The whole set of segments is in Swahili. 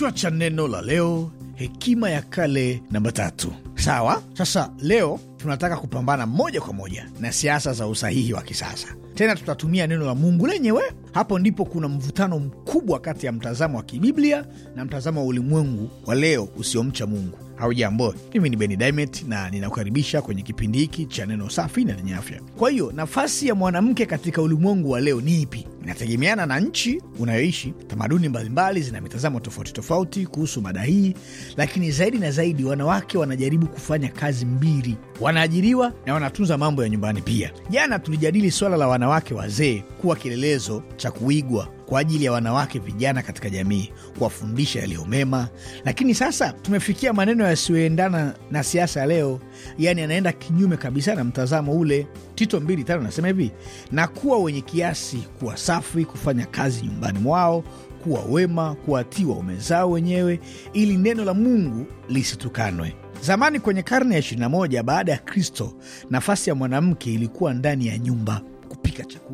Kichwa cha neno la leo, hekima ya kale namba tatu. Sawa, sasa leo tunataka kupambana moja kwa moja na siasa za usahihi wa kisasa. Tena tutatumia neno la Mungu lenyewe. Hapo ndipo kuna mvutano mkubwa kati ya mtazamo wa kibiblia na mtazamo wa ulimwengu wa leo usiomcha Mungu. Haujambo, mimi ni Beni Dimet na ninakukaribisha kwenye kipindi hiki cha neno safi na lenye afya. Kwa hiyo nafasi ya mwanamke katika ulimwengu wa leo ni ipi? Inategemeana na nchi unayoishi. Tamaduni mbalimbali zina mitazamo tofauti tofauti kuhusu mada hii, lakini zaidi na zaidi, wanawake wanajaribu kufanya kazi mbili: wanaajiriwa na wanatunza mambo ya nyumbani pia. Jana tulijadili swala la wanawake wazee kuwa kielelezo cha kuigwa kwa ajili ya wanawake vijana katika jamii, kuwafundisha yaliyo mema. Lakini sasa tumefikia maneno yasiyoendana na siasa leo, yaani yanaenda kinyume kabisa na mtazamo ule. Tito mbili tano nasema hivi, na kuwa wenye kiasi, kuwa safi, kufanya kazi nyumbani mwao, kuwa wema, kuwatii waume zao wenyewe, ili neno la Mungu lisitukanwe. Zamani kwenye karne ya 21 baada ya Kristo, nafasi ya mwanamke ilikuwa ndani ya nyumba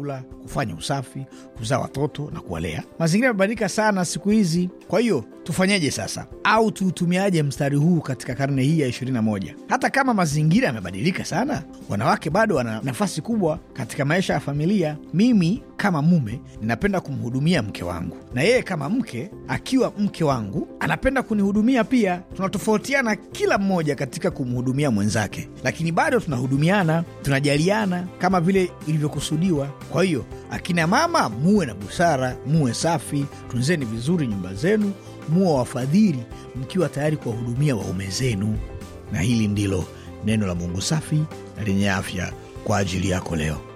chakula, kufanya usafi, kuzaa watoto na kuwalea. Mazingira yamebadilika sana siku hizi. Kwa hiyo tufanyeje sasa, au tuutumiaje mstari huu katika karne hii ya 21? Hata kama mazingira yamebadilika sana, wanawake bado wana nafasi kubwa katika maisha ya familia. Mimi kama mume ninapenda kumhudumia mke wangu, na yeye kama mke akiwa mke wangu anapenda kunihudumia pia. Tunatofautiana kila mmoja katika kumhudumia mwenzake, lakini bado tunahudumiana, tunajaliana kama vile ilivyokusudiwa. Kwa hiyo, akina mama, muwe na busara, muwe safi, tunzeni vizuri nyumba zenu, muwe wafadhili, mkiwa tayari kuwahudumia waume zenu. Na hili ndilo neno la Mungu safi na lenye afya kwa ajili yako leo.